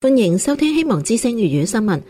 歡迎收聽《希望之聲》粵語新聞。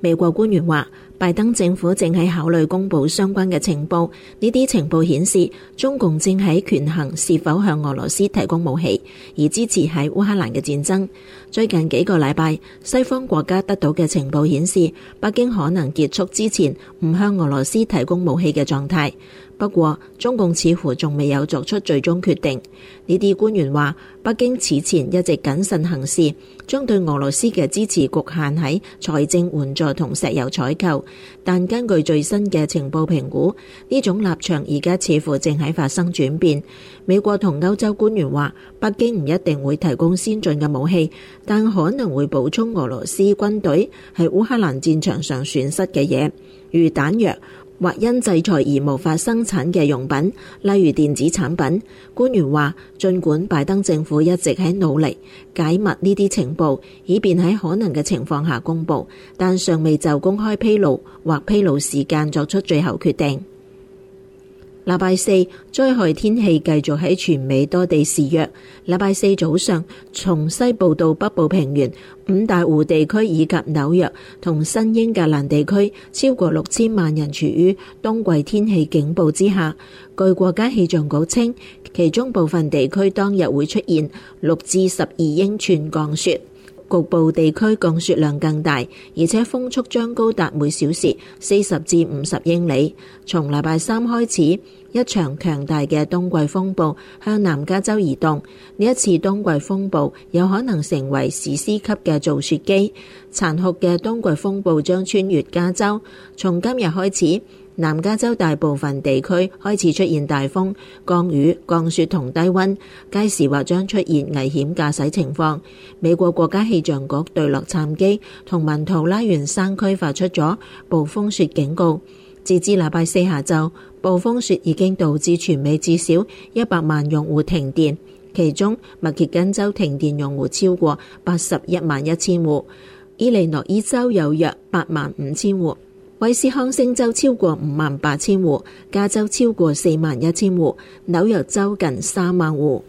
美國官員話，拜登政府正喺考慮公布相關嘅情報。呢啲情報顯示，中共正喺權衡是否向俄羅斯提供武器，而支持喺烏克蘭嘅戰爭。最近幾個禮拜，西方國家得到嘅情報顯示，北京可能結束之前唔向俄羅斯提供武器嘅狀態。不過，中共似乎仲未有作出最終決定。呢啲官員話，北京此前一直謹慎行事，將對俄羅斯嘅支持局限喺財政援助同石油採購。但根據最新嘅情報評估，呢種立場而家似乎正喺發生轉變。美國同歐洲官員話，北京唔一定會提供先進嘅武器，但可能會補充俄羅斯軍隊喺烏克蘭戰場上損失嘅嘢，如彈藥。或因制裁而無法生產嘅用品，例如電子產品。官員話，儘管拜登政府一直喺努力解密呢啲情報，以便喺可能嘅情況下公布，但尚未就公開披露或披露時間作出最後決定。禮拜四，災害天氣繼續喺全美多地肆虐。禮拜四早上，從西部到北部平原、五大湖地區以及紐約同新英格蘭地區，超過六千萬人處於冬季天氣警報之下。據國家氣象局稱，其中部分地區當日會出現六至十二英寸降雪。局部地區降雪量更大，而且風速將高達每小時四十至五十英里。從禮拜三開始，一場強大嘅冬季風暴向南加州移動，呢一次冬季風暴有可能成為史詩級嘅造雪機，殘酷嘅冬季風暴將穿越加州，從今日開始。南加州大部分地區開始出現大風、降雨、降雪同低溫，屆時或將出現危險駕駛情況。美國國家氣象局對洛杉磯同文圖拉縣山區發出咗暴風雪警告。截至禮拜四下晝暴風雪已經導致全美至少一百萬用戶停電，其中密歇根州停電用戶超過八十一萬一千戶，伊利諾伊州有約八萬五千戶。威斯康星州超過五萬八千戶，加州超過四萬一千戶，紐約州近三萬戶。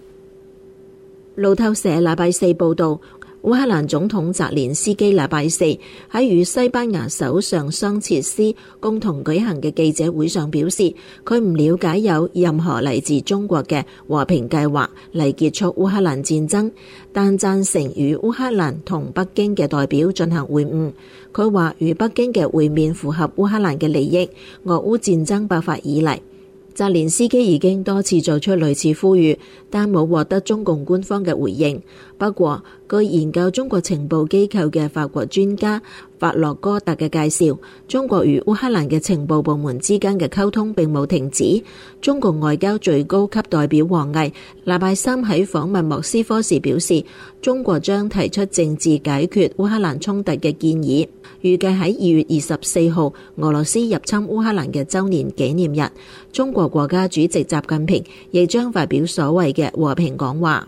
路透社禮拜四報導。烏克蘭總統澤連斯基禮拜四喺與西班牙首相桑切斯共同舉行嘅記者會上表示，佢唔了解有任何嚟自中國嘅和平計劃嚟結束烏克蘭戰爭，但贊成與烏克蘭同北京嘅代表進行會晤。佢話與北京嘅會面符合烏克蘭嘅利益，俄烏戰爭爆發以嚟。澤連斯基已經多次作出類似呼籲，但冇獲得中共官方嘅回應。不過，據研究中國情報機構嘅法國專家，法洛哥特嘅介紹，中國與烏克蘭嘅情報部門之間嘅溝通並冇停止。中國外交最高級代表王毅禮拜三喺訪問莫斯科時表示，中國將提出政治解決烏克蘭衝突嘅建議，預計喺二月二十四號俄羅斯入侵烏克蘭嘅周年紀念日，中國國家主席習近平亦將發表所謂嘅和平講話。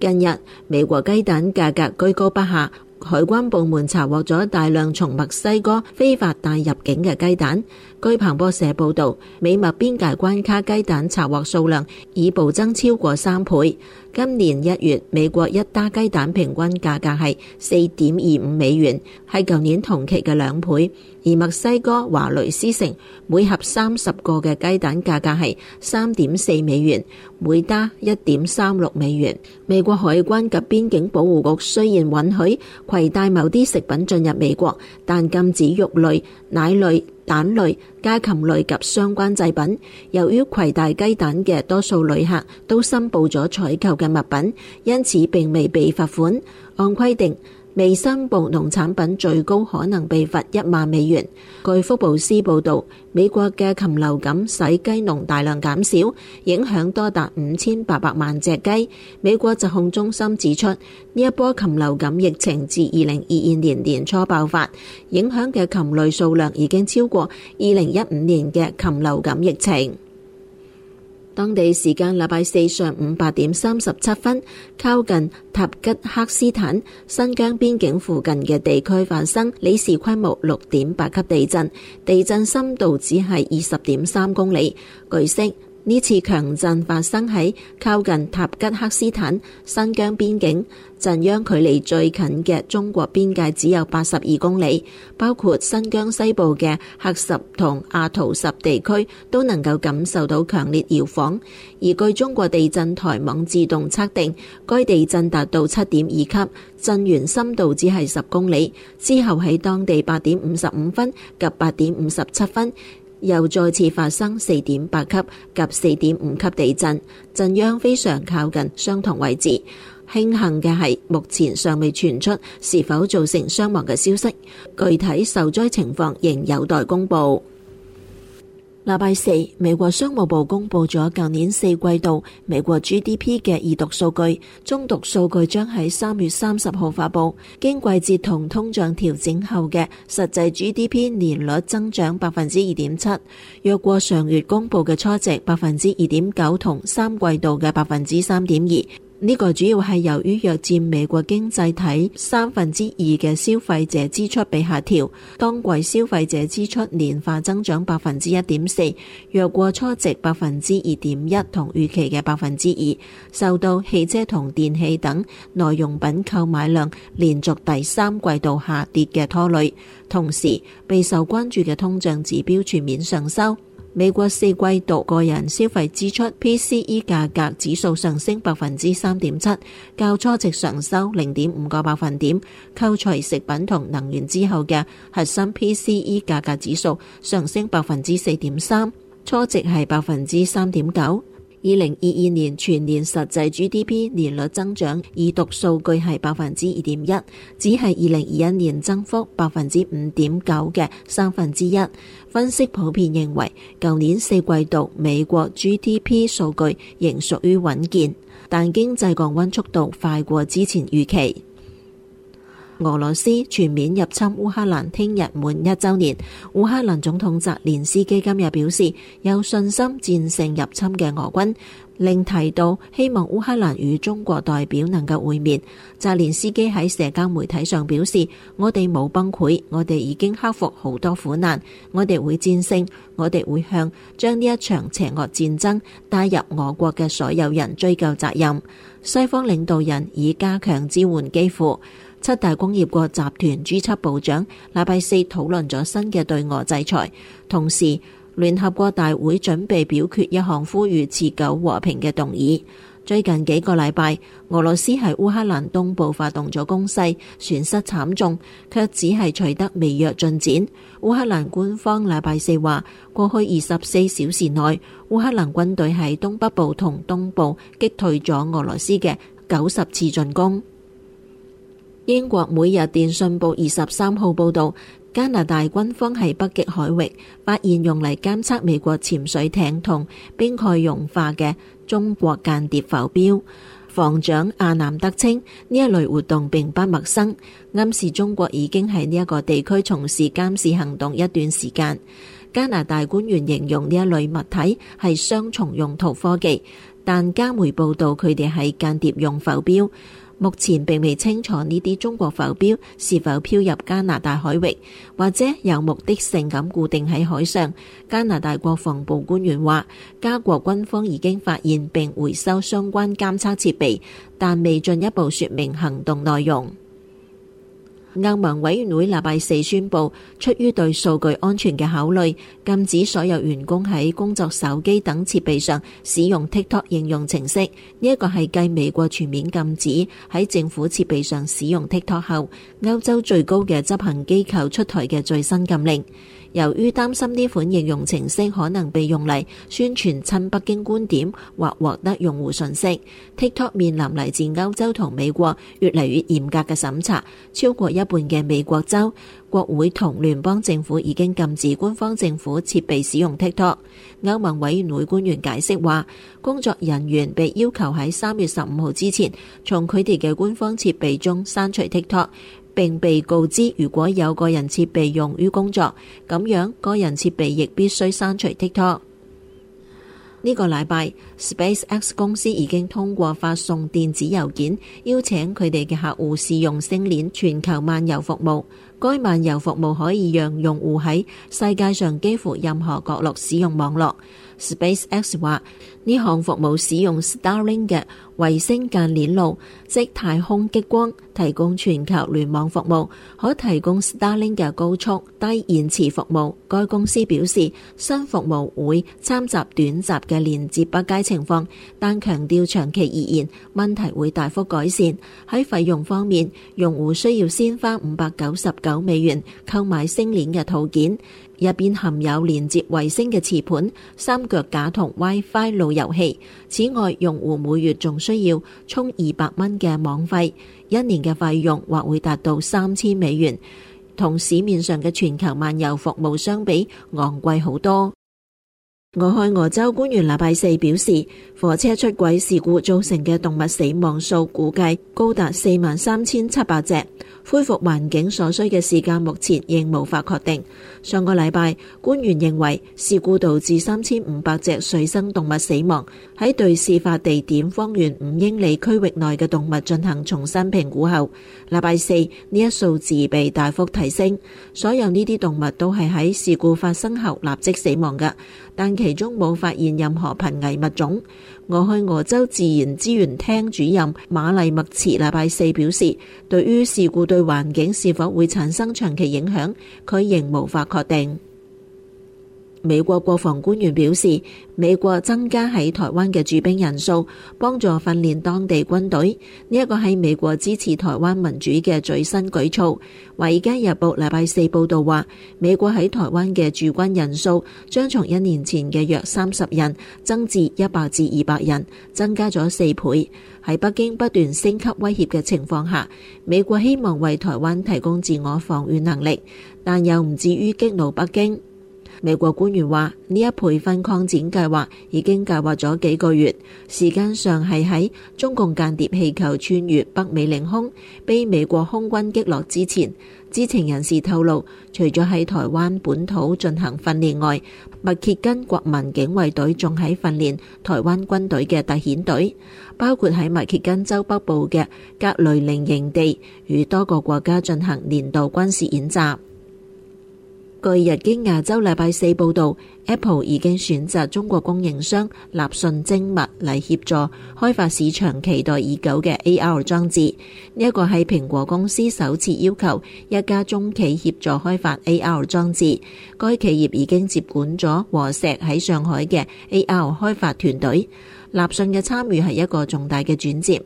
近日，美國雞蛋價格居高不下。海關部門查獲咗大量從墨西哥非法帶入境嘅雞蛋。據彭博社報導，美墨邊界關卡雞蛋查獲數量已暴增超過三倍。今年一月，美國一打雞蛋平均價格係四點二五美元，係舊年同期嘅兩倍。而墨西哥華雷斯城每盒三十個嘅雞蛋價格係三點四美元，每打一點三六美元。美國海關及邊境保護局雖然允許攜帶某啲食品進入美國，但禁止肉類、奶類。蛋類、家禽類及相關製品，由於攜帶雞蛋嘅多數旅客都申報咗採購嘅物品，因此並未被罰款。按規定，未申報農產品最高可能被罰一萬美元。據福布斯報導，美國嘅禽流感使雞農大量減少，影響多達五千八百萬隻雞。美國疾控中心指出，呢一波禽流感疫情自二零二二年年初爆發，影響嘅禽類數量已經超過二零一五年嘅禽流感疫情。當地時間禮拜四上午八點三十七分，靠近塔吉克斯坦新疆邊境附近嘅地區發生里氏規模六點八級地震，地震深度只係二十點三公里。據悉。呢次強震發生喺靠近塔吉克斯坦新疆邊境，震央距離最近嘅中國邊界只有八十二公里，包括新疆西部嘅喀什同阿圖什地區都能夠感受到強烈搖晃。而據中國地震台網自動測定，該地震達到七點二級，震源深度只係十公里。之後喺當地八點五十五分及八點五十七分，又再次發生四點八級及四點五級地震，震央非常靠近相同位置。慶幸嘅係，目前尚未傳出是否造成傷亡嘅消息，具體受災情況仍有待公佈。禮拜四，美國商務部公布咗舊年四季度美國 GDP 嘅易讀數據，中讀數據將喺三月三十號發佈，經季節同通脹調整後嘅實際 GDP 年率增長百分之二點七，弱過上月公布嘅初值百分之二點九同三季度嘅百分之三點二。呢個主要係由於約佔美國經濟體三分之二嘅消費者支出被下調，當季消費者支出年化增長百分之一點四，弱過初值百分之二點一，同預期嘅百分之二，受到汽車同電器等耐用品購買量連續第三季度下跌嘅拖累，同時備受關注嘅通脹指標全面上升。美國四季度個人消費支出 （PCE） 價格指數上升百分之三點七，較初值上收零點五個百分點。扣除食品同能源之後嘅核心 PCE 價格指數上升百分之四點三，初值係百分之三點九。二零二二年全年實際 GDP 年率增長，已讀數據係百分之二點一，只係二零二一年增幅百分之五點九嘅三分之一。分析普遍認為，舊年四季度美國 GDP 數據仍屬於穩健，但經濟降温速度快過之前預期。俄羅斯全面入侵烏克蘭，聽日滿一周年。烏克蘭總統澤連斯基今日表示有信心戰勝入侵嘅俄軍，另提到希望烏克蘭與中國代表能夠會面。澤連斯基喺社交媒體上表示：我哋冇崩潰，我哋已經克服好多苦難，我哋會戰勝，我哋會向將呢一場邪惡戰爭帶入俄國嘅所有人追究責任。西方領導人已加強支援基輔。七大工業國集團 G7 部長禮拜四討論咗新嘅對俄制裁，同時聯合國大會準備表決一項呼籲持久和平嘅動議。最近幾個禮拜，俄羅斯喺烏克蘭東部發動咗攻勢，損失慘重，卻只係取得微弱進展。烏克蘭官方禮拜四話，過去二十四小時內，烏克蘭軍隊喺東北部同東部擊退咗俄羅斯嘅九十次進攻。英國每日電訊報二十三號報道，加拿大軍方喺北極海域發現用嚟監測美國潛水艇同冰蓋融化嘅中國間諜浮標。防長阿南德稱，呢一類活動並不陌生，暗示中國已經喺呢一個地區從事監視行動一段時間。加拿大官員形容呢一類物體係雙重用途科技，但加媒報導佢哋係間諜用浮標。目前並未清楚呢啲中國浮標是否漂入加拿大海域，或者有目的性咁固定喺海上。加拿大國防部官員話，加國軍方已經發現並回收相關監測設備，但未進一步說明行動內容。歐盟委員會禮拜四宣佈，出於對數據安全嘅考慮，禁止所有員工喺工作手機等設備上使用 TikTok 應用程式。呢一個係繼美國全面禁止喺政府設備上使用 TikTok 後，歐洲最高嘅執行機構出台嘅最新禁令。由於擔心呢款應用程式可能被用嚟宣傳親北京觀點或獲得用戶信息，TikTok 面臨嚟自歐洲同美國越嚟越嚴格嘅審查。超過一半嘅美國州國會同聯邦政府已經禁止官方政府設備使用 TikTok。歐盟委員會官員解釋話，工作人員被要求喺三月十五號之前，從佢哋嘅官方設備中刪除 TikTok。並被告知，如果有個人設備用於工作，咁樣個人設備亦必須刪除 TikTok。呢個禮拜，SpaceX 公司已經通過發送電子郵件邀請佢哋嘅客戶試用星鏈全球漫遊服務。該漫遊服務可以讓用戶喺世界上幾乎任何角落使用網絡。SpaceX 話：呢項服務使用 Starlink 嘅衛星間鏈路，即太空激光提供全球聯網服務，可提供 Starlink 嘅高速低延遲服務。該公司表示，新服務會參雜短暫嘅連接不佳情況，但強調長期而言問題會大幅改善。喺費用方面，用戶需要先花五百九十九美元購買星鏈嘅套件，入邊含有連接衛星嘅磁盤、三腳架同 WiFi 路由器。此外，用戶每月仲需要充二百蚊嘅網費，一年嘅費用或會達到三千美元，同市面上嘅全球漫遊服務相比昂貴好多。俄亥俄州官員禮拜四表示，火車出軌事故造成嘅動物死亡數估計高達四萬三千七百隻，恢復環境所需嘅時間目前仍無法確定。上個禮拜，官員認為事故導致三千五百隻水生動物死亡。喺對事發地點方圓五英里區域內嘅動物進行重新評估後，禮拜四呢一數字被大幅提升。所有呢啲動物都係喺事故發生後立即死亡嘅，但其其中冇發現任何瀕危物種。俄亥俄州自然資源廳主任瑪麗麥茨禮拜四表示，對於事故對環境是否會產生長期影響，佢仍無法確定。美國國防官員表示，美國增加喺台灣嘅駐兵人數，幫助訓練當地軍隊，呢一個係美國支持台灣民主嘅最新舉措。《華爾街日報》禮拜四報導話，美國喺台灣嘅駐軍人數將從一年前嘅約三十人增至一百至二百人，增加咗四倍。喺北京不斷升級威脅嘅情況下，美國希望為台灣提供自我防禦能力，但又唔至於激怒北京。美國官員話：呢一培訓擴展計劃已經計劃咗幾個月，時間上係喺中共間諜氣球穿越北美領空、被美國空軍擊落之前。知情人士透露，除咗喺台灣本土進行訓練外，密歇根國民警衛隊仲喺訓練台灣軍隊嘅特遣隊，包括喺密歇根州北部嘅格雷寧營地，與多個國家進行年度軍事演習。據《日經亞洲》禮拜四報道，Apple 已經選擇中國供應商立訊精密嚟協助開發市場期待已久嘅 AR 裝置。呢一個係蘋果公司首次要求一家中企協助開發 AR 裝置。該企業已經接管咗和碩喺上海嘅 AR 開發團隊。立訊嘅參與係一個重大嘅轉折。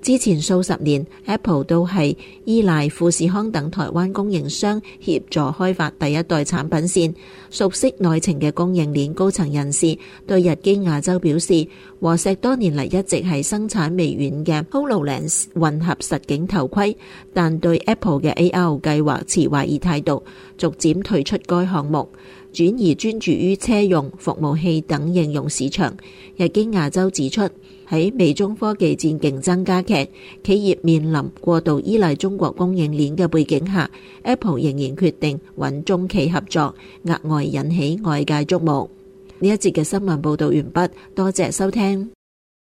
之前數十年，Apple 都係依賴富士康等台灣供應商協助開發第一代產品線。熟悉內情嘅供應鏈高層人士對日經亞洲表示，和碩多年嚟一直係生產微軟嘅 HoloLens 混合實境頭盔，但對 Apple 嘅 AR 計劃持懷疑態度，逐漸退出該項目。轉而專注於車用服務器等應用市場。日經亞洲指出，喺美中科技戰競爭加劇、企業面臨過度依賴中國供應鏈嘅背景下，Apple 仍然決定穩中企合作，額外引起外界矚目。呢一節嘅新聞報導完畢，多謝收聽。